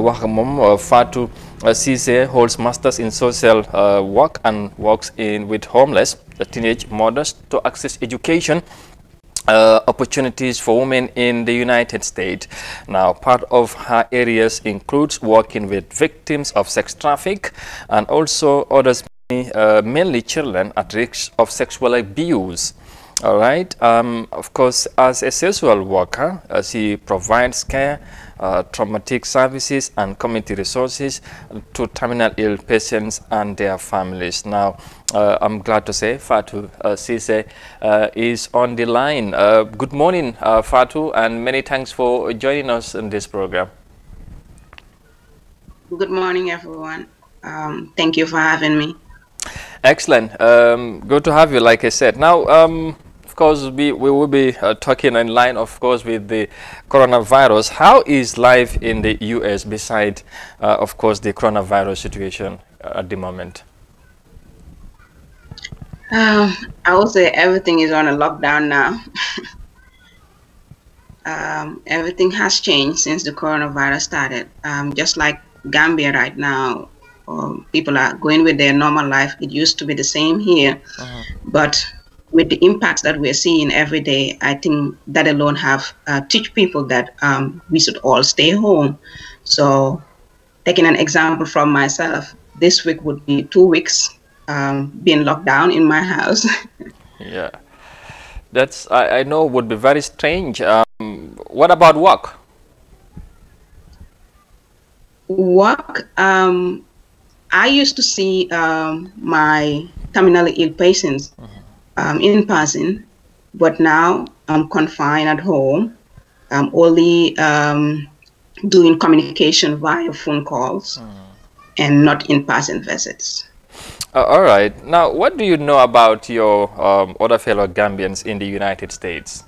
Wahamum uh, Fatu Fatou uh, holds masters in social uh, work and works in with homeless the teenage mothers to access education uh, opportunities for women in the United States. Now, part of her areas includes working with victims of sex traffic and also others, uh, mainly children at risk of sexual abuse. All right. Um, of course, as a social worker, she provides care, uh, traumatic services, and community resources to terminal ill patients and their families. Now, uh, I'm glad to say Fatu uh, Sise uh, is on the line. Uh, good morning, Fatu, and many thanks for joining us in this program. Good morning, everyone. Um, thank you for having me. Excellent. Um, good to have you, like I said. Now, um, course, we, we will be uh, talking in line, of course, with the coronavirus. How is life in the U.S. beside, uh, of course, the coronavirus situation uh, at the moment? Um, I would say everything is on a lockdown now. um, everything has changed since the coronavirus started. Um, just like Gambia right now, um, people are going with their normal life. It used to be the same here, uh -huh. but with the impacts that we're seeing every day, I think that alone have uh, teach people that um, we should all stay home. So, taking an example from myself, this week would be two weeks um, being locked down in my house. yeah, that's I, I, know would be very strange. Um, what about work? Work. Um, I used to see um, my terminally ill patients. Mm -hmm um, in person, but now I'm confined at home. I'm only um, doing communication via phone calls mm. and not in person visits. Uh, all right. Now, what do you know about your um, other fellow Gambians in the United States?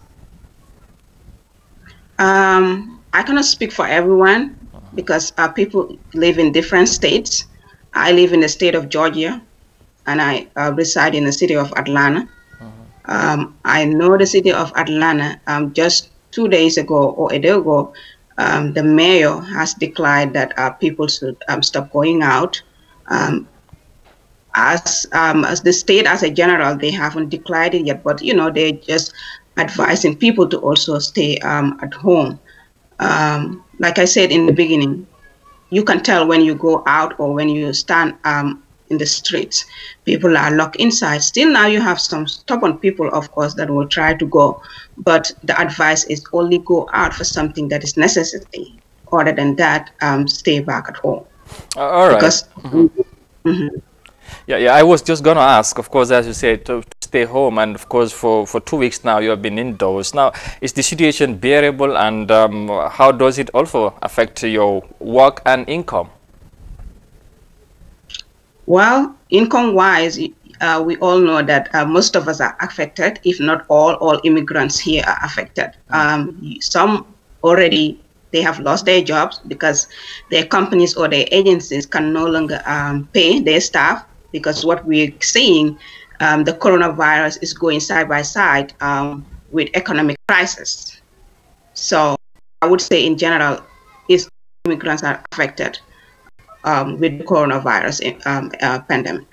Um, I cannot speak for everyone because our people live in different states. I live in the state of Georgia and I uh, reside in the city of Atlanta. Um, I know the city of Atlanta um, just two days ago or a day ago, um, the mayor has declared that uh, people should um, stop going out. Um, as, um, as the state, as a general, they haven't declared it yet, but you know they're just advising people to also stay at home. like I said in the beginning, you can tell when you go out or when you stand um, in the streets. People are locked inside. Still now you have some stubborn people, of course, that will try to go. But the advice is only go out for something that is necessary. Other than that, um, stay back at home. Uh, all right. Because, mm -hmm. Mm -hmm. Yeah, yeah. I was just going to ask, of course, as you said, to, to, stay home. And of course, for, for two weeks now, you have been indoors. Now, is the situation bearable? And um, how does it also affect your work and income? Well, income wise, uh, we all know that uh, most of us are affected, if not all, all immigrants here are affected. Mm-hmm. Um, some already they have lost their jobs because their companies or their agencies can no longer um, pay their staff because what we're seeing, um, the coronavirus is going side by side um, with economic crisis. So I would say in general, is immigrants are affected um, with the coronavirus um, uh, pandemic.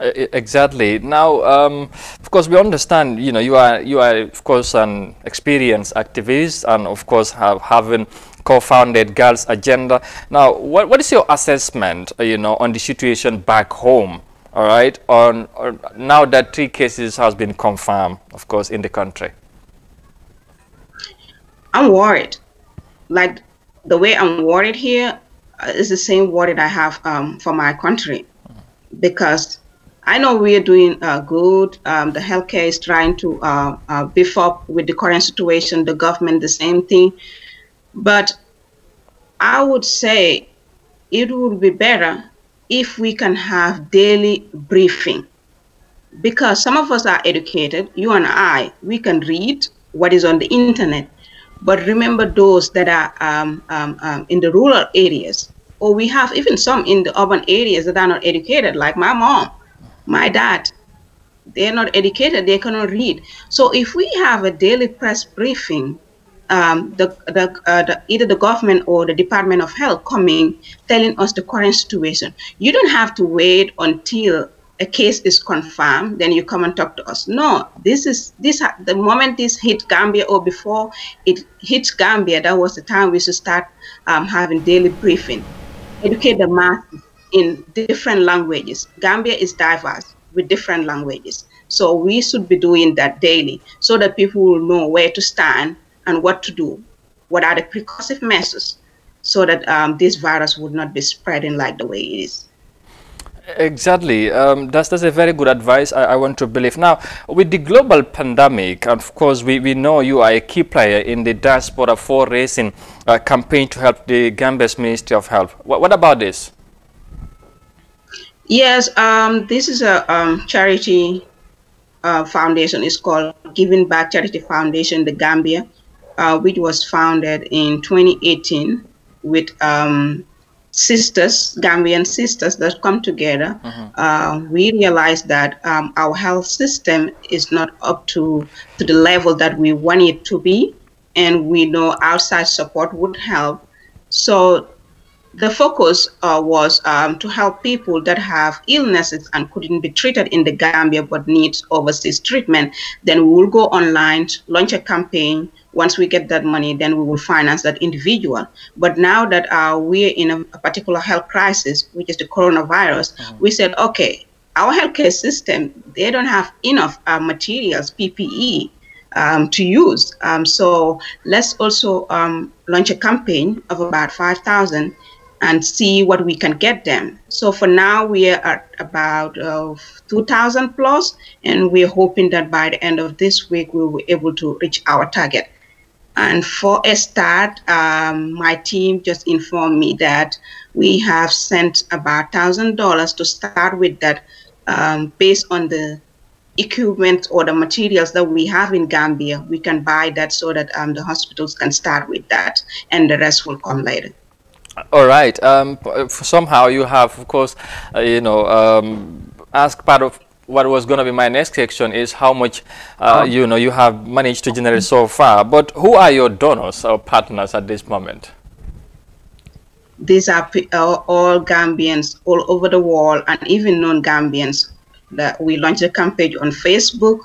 Exactly. Now, um, of course, we understand. You know, you are you are of course an experienced activist, and of course have having co-founded Girls Agenda. Now, what what is your assessment? Uh, you know, on the situation back home. All right. On, on now that three cases has been confirmed, of course, in the country. I'm worried. Like the way I'm worried here, uh, it's the same word that I have um, for my country, because I know we are doing uh, good. Um, the healthcare is trying to uh, uh, beef up with the current situation. The government, the same thing, but I would say it would be better if we can have daily briefing, because some of us are educated. You and I, we can read what is on the internet but remember those that are um, um, um, in the rural areas, or we have even some in the urban areas that are not educated, like my mom, my dad. They're not educated, they cannot read. So if we have a daily press briefing, um, the, the, uh, the, either the government or the Department of Health coming, telling us the current situation, you don't have to wait until a case is confirmed, then you come and talk to us. No, this is this the moment this hit Gambia or before it hits Gambia, that was the time we should start um, having daily briefing, educate the math in different languages. Gambia is diverse with different languages, so we should be doing that daily so that people will know where to stand and what to do. What are the precursive measures so that um, this virus would not be spreading like the way it is. Exactly. Um, that's, that's a very good advice, I, I, want to believe. Now, with the global pandemic, of course, we, we know you are a key player in the diaspora for racing a uh, campaign to help the Gambia's Ministry of Health. What, what about this? Yes, um, this is a um, charity uh, foundation. It's called Giving Back Charity Foundation, the Gambia, uh, which was founded in 2018 with um, sisters, Gambian sisters that come together, mm-hmm. uh, we realize that um, our health system is not up to, to the level that we want it to be, and we know outside support would help. So the focus uh, was um, to help people that have illnesses and couldn't be treated in the Gambia but needs overseas treatment. Then we will go online, launch a campaign once we get that money, then we will finance that individual. But now that uh, we're in a, a, particular health crisis, which is the coronavirus, mm-hmm. we said, okay, our healthcare system, they don't have enough uh, materials, PPE, um, to use. Um, so let's also um, launch a campaign of about 5,000 and see what we can get them. So for now, we are at about uh, 2,000 plus, and we're hoping that by the end of this week, we will be able to reach our target. And for a start, um, my team just informed me that we have sent about $1,000 to start with that um, based on the equipment or the materials that we have in Gambia. We can buy that so that um, the hospitals can start with that and the rest will come later. All right. Um, somehow you have, of course, uh, you know, um, asked part of what was going to be my next section is how much uh, um, you know you have managed to generate so far. But who are your donors or partners at this moment? These are all Gambians all over the world and even non-Gambians. That we launch a campaign on Facebook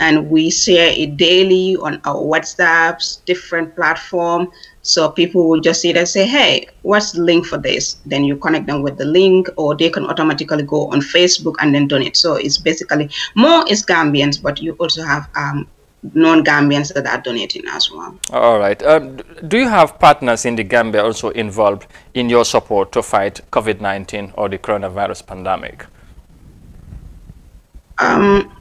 and we share it daily on our WhatsApps, different platform, so people will just see it and say, hey, what's the link for this? Then you connect them with the link, or they can automatically go on Facebook and then donate. So it's basically more is Gambians, but you also have um, non-Gambians that are donating as well. All right. Um, do you have partners in the Gambia also involved in your support to fight COVID-19 or the coronavirus pandemic? Um,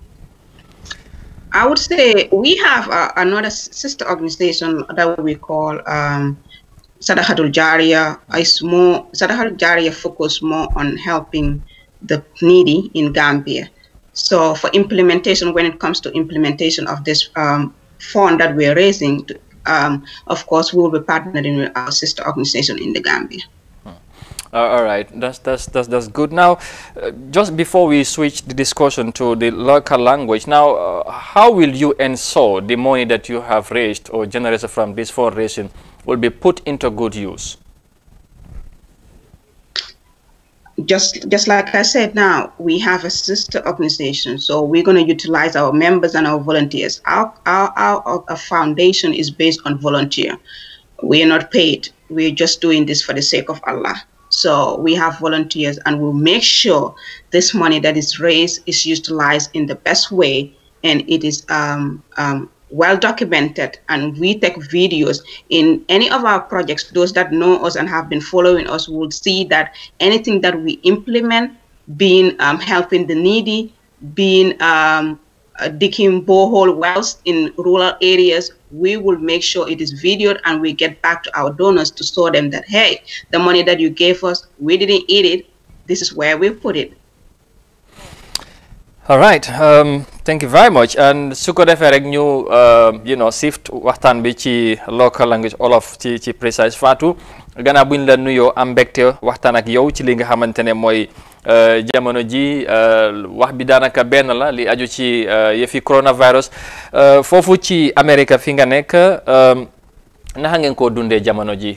I would say we have uh, another sister organization that we call um, Sadahatul more Sadahatul Jariya focus more on helping the needy in Gambia. So for implementation, when it comes to implementation of this um, fund that we're raising, um, of course, we will be partnering with our sister organization in the Gambia. Uh, all right, that's, that's, that's, that's good. Now, uh, just before we switch the discussion to the local language, now, uh, how will you ensure the money that you have raised or generated from this fundraising will be put into good use? Just, just like I said now, we have a sister organization, so we're going to utilize our members and our volunteers. Our, our, our, our foundation is based on volunteer. We are not paid. We're just doing this for the sake of Allah. So we have volunteers and we'll make sure this money that is raised is utilized in the best way and it is um, um, well documented and we take videos in any of our projects those that know us and have been following us will see that anything that we implement being um, helping the needy being um, uh, digging borehole wells in rural areas, we will make sure it is videoed and we get back to our donors to show them that, hey, the money that you gave us, we didn't eat it. This is where we put it. All right. Um, thank you very much. And sukodefe rek um, you know sift watan bichi local language all of ci precise faatu gannaaw buñ la nuyoo am mbégte waxtaan ak Euh, jamono ji euh, wax bi daanaka benn la li aju ci euh, yëfi coronavirus foofu ci Amérique fi nga nekk naka ngeen koo dundee jamono ji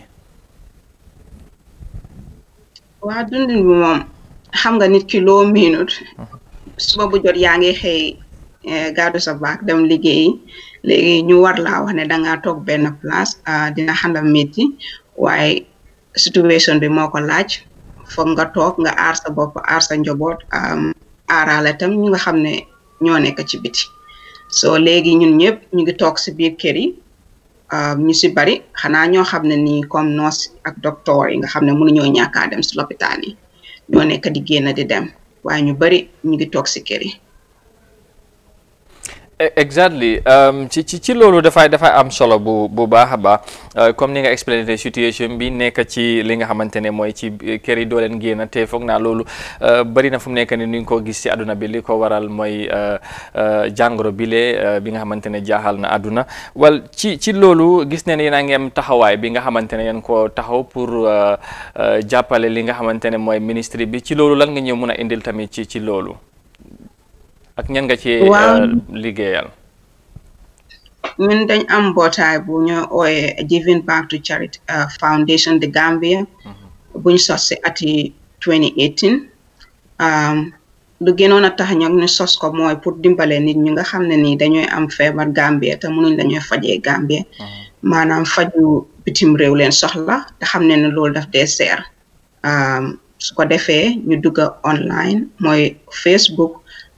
waa dundin bi xam nga nit ki loo miinut jot yaa ngi xëy eh, gaadu sa baak dem liggéeyi léegi ñu war laa wax ne danga toog benn place ah, dina xandam métti waaye situation bi moo laaj foog nga toog nga aar sa bopp aar sa njaboot aaraale tam nga xam ne ñoo nekk ci biti soo léegi ñun ñëpp ñu ngi toog si biir kër yi ñu si bari xanaa ñoo xam ne nii comme nurse ak docteur yi nga xam ne mënuñoo ñàkkaa dem si lopitaan yi ñoo nekk di génn di dem waaye ñu bari ñu ngi toog si kër yi E-, exactly um, ci ci ci loolu dafay dafay am solo bu bu baax a baax euh, comme ni nga expliqué situation bi nekk ci li nga xamante ne mooy ci kër yi dooleen leen génn te foog naa loolu euh, bari na fu mu nekk ni ni ngi ko gis si aduna bi li ko waral mooy euh, jàngoro bile bi nga xamante ne jaaxal na àdduna wal ci ci loolu gis ne yéen a ngi am taxawaay bi nga xamante ne yéen ko taxaw pour jàppale li nga xamante ne mooy ministre bi ci loolu lan nga ñëw mun a indil tamit ci ci loolu. ak ñan nga ci euh, liggéeyal ñun dañ am mbootaay bu ñu ooyee Giving Back to Charity euh, Foundation de Gambia mhm. buñ sos si ati 2018 um, lu gënoon a tax ñoom ñu sos ko mooy pour dimbale nit ñu nga xam ne nii dañuy am feebar Gambia ta mënuñ dañuy faje Gambia mhm. maanaam faju bitim réew leen soxla te xam ne ne loolu daf dee seer um, su ko defee ñu dugga online mooy Facebook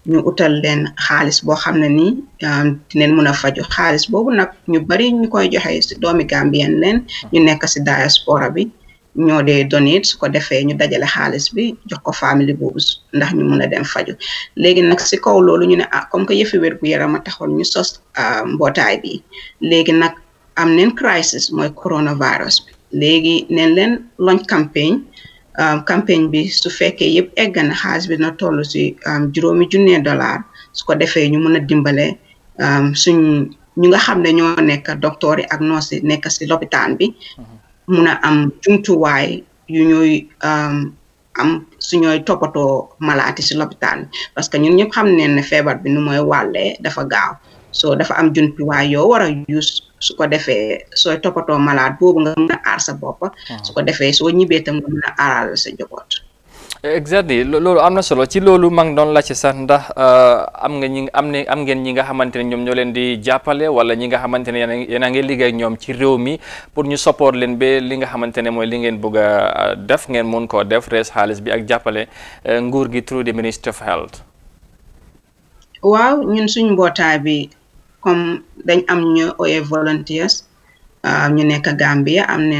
ñu utal leen xaalis boo xam ne ni ah, dineen mën a faju xaalis boobu nag ñu bari ñu koy joxe si doomi Gambien leen ñu nekk si diaspora bi ñoo dee donate su ko defee ñu dajale xaalis bi jox ko famille boobu ndax ñu mën a dem faju léegi nag si kaw loolu ñu ne ah comme que yëfi wér gu yaram a taxoon ñu sos ah, mbootaay bi léegi nag am neen crisis mooy coronavirus bi léegi neen leen launch campagne Um, campagne bi su fekkee yëpp egg na xaas bi na toll si um, juróomi junne dollar su ko defee ñu mën a dimbale um, suñ ñu nga xam ne ñoo nekk docteur yi ak nurse yi si lopitaan bi mhm. mun a am jumtuwaay yu ñuy am suñooy toppatoo malaati si lopitaan bi parce que ñun ñëpp xam ne ne feebar bi nu mooy wàllee dafa gaaw so dafa am jumtuwaay yoo war a su ko defee sooy toppatoo malade boobu nga mën a aar sa bopp. Ah. su ko defee soo ñibbee tam nga mën a aaral sa njaboot. exactly loolu am na solo ci loolu maa ngi doon laajte sax ndax uh, am nga ñi am ne am ngeen ñi nga xamante ne ñoom ñoo leen di jàppale wala ñi nga xamante ne yéen a ngi liggéey ñoom ci réew mi pour ñu support leen ba li nga xamante ne mooy li ngeen bëgg def ngeen mun koo def rees xaalis bi ak jàppale uh, nguur gi through the ministre of Health. waaw ñun suñ mbootaay comme dañ am ñu ooyee volunteers ah, ñu nekk Gambia am na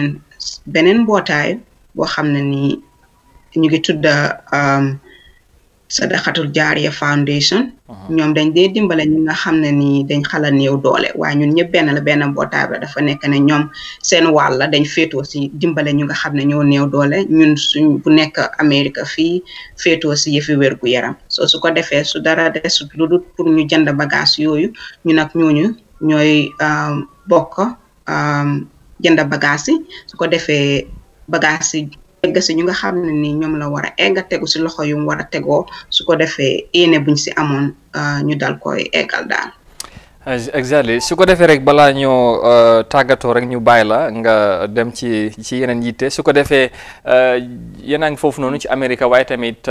beneen mbootaay boo xam ne nii ñu ngi tudda um, Sadaqatul Jaariya Foundation. ñoom dañ dee dimbale ñi nga xam ne nii dañ xala néew doole waaye ñun ñëpp benn la benn mbootaay ba dafa nekk ne ñoom seen wàll la dañ féetoo si dimbale ñu nga xam ne ñoo néew doole ñun suñ bu nekk Amérique fii féetoo si yëfi gu yaram so su ko defee su dara desut lu dul pour ñu jënd bagage yooyu ñu nag ñooñu ñooy um, bokk um, jënd bagage yi su ko defee bagage si egg si ñu nga xam ne ni ñoom la war a egg tegu si loxo yu war a tegoo su ko defee yéene buñ si amoon euh, ñu dal koy eggal daal. exactly su ko defee rek balaa ñoo euh, tàggatoo rek ñu bàyyi la nga dem ci ci yeneen yitte su ko defee euh, yéen a foofu noonu ci Amérique waaye tamit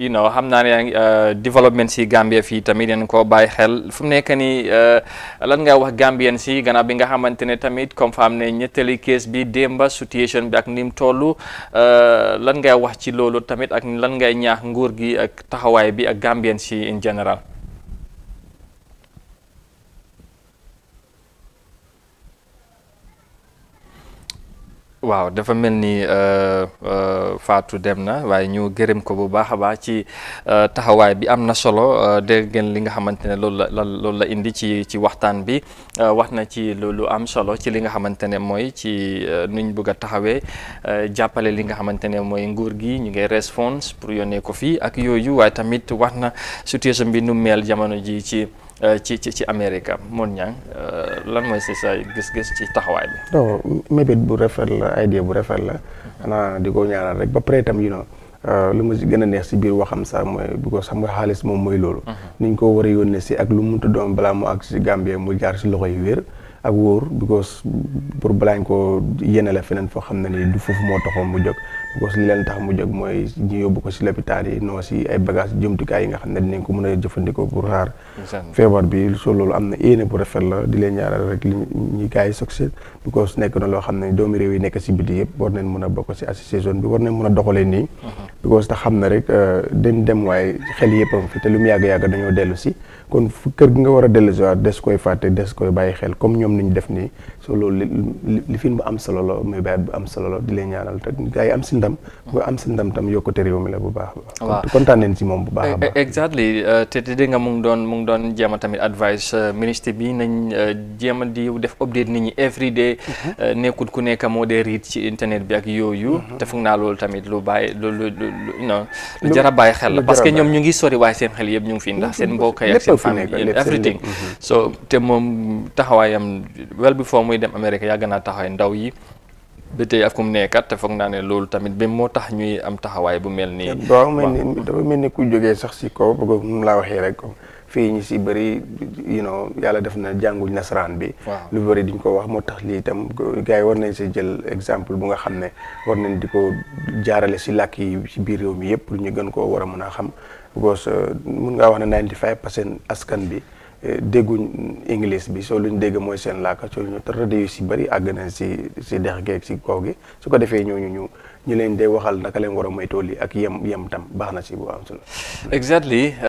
you know xam naa ne euh, développement si Gambia fii tamit yéen koo bàyyi xel fu mu nekk nii euh, lan nga wax Gambien si gannaaw bi nga xamante ne tamit comme fa am ne ñettali case bi démba situation bi ak ni mu toll euh, lan ngay wax ci loolu tamit ak lan ngay ñaax nguur gi ak taxawaay bi ak Gambien si in général. waaw dafa mel ni euh, euh, faatu dem na waaye ñu gërëm ko bu baax a baax ci euh, taxawaay bi am na solo dégg ngeen li nga xamante ne loolu la loolu la indi ci ci waxtaan bi wax na ci lu am solo ci li nga xamante ne mooy ci nuñ bëgg a taxawee jàppale li nga xamante ne mooy nguur gi ñu ngi response pour yónnee ko fii ak yooyu waaye tamit wax na situation bi nu mel jamono ji ci. Euh, ci ci ci Amérique moon ñaang euh, lan mooy si sa gis-gis ci taxawaay bi. non mébét bu rafet la idée bu rafet la xanaa di koo ñaanal rek ba pare itam you know euh, lu ma si gën a neex si biir waxam sax mooy bu ko xam nga xaalis moom mooy loolu. Mhm. ñu ko war a yónnee si ak lu mu mënut balaa mu ak si gàmbee mu jaar si loxo yi wér. ak wóor because pour balaañ ko yénale feneen foo xam ne nii foofu moo taxoon mu jóg parce que li leen tax mu jóg mooy ñu yóbbu ko si lopitaan yi non si ay bagage jumtukaay yi nga xam ne dinañ ko mën a jëfandikoo pour xaar feebar bi soo loolu am na yéene bu rafet la di leen ñaaral rek li ñi gars yi succès na loo xam ne doomi réew yi nekk si si association bi war nañ mën a uh-huh. xam na rek euh, dañ dem waaye xel yëppam lu mu yàgg-yàgg dañoo dellu si kon fu kër gi nga war a dellu si waat koy fàtte des koy bàyyi xel comme ñoom niñ def nii soo loolu li film bu am solo la yi am si ndam nga am sa ndam tam yokkute réew mi la bu baax waaw kontaan nañ ci moom bu baax a baax e-, exactly euh, te di nga mu doon mu ngi doon jéem a tamit advice euh, ministre bi nañ euh, jéem a di def update nit ñi every day mhm. nekkut ku nekk moo dee riit ci internet bi ak yooyu mhm. te foog naa loolu tamit lu bàyyi lu lu lu jar bàyyi xel la parce que ñoom ñu ngi sori waaye seen xel yëpp ñu ngi fii ndax seen mbokk ak seen famille everything mhm. so te moom taxawaayam well foo muy dem Amérique yàgg naa taxawaay ndaw yi ba tey af kum nekkat te foog naa ne loolu tamit ba moo tax ñuy am taxawaay bu mel nii. waaw mel ni dafa mel ni ku jógee sax si ko bëgg mu laa waxee rek fii ñu si bëri you know yàlla def na jànguñ nasaraan bi. lu bëri diñ ko wax moo tax lii itam gars yi war nañ si jël exemple bu nga xam ne war nañ di ko jaarale si làkk yi si biir réew mi yëpp pour ñu gën koo war a mën a xam parce que uh, mun ngaa wax ne 95 pour cent askan bi. dégguñ english bi soo luñ dégg mooy seen làkk soo ñu rajo yu si bëri àgg na si si dex gee si kaw gi su ko defee ñooñu ñu ñu ñu leen day waxal naka leen war a moytoo lii ak yem yem tam baax na si bu am solo exactly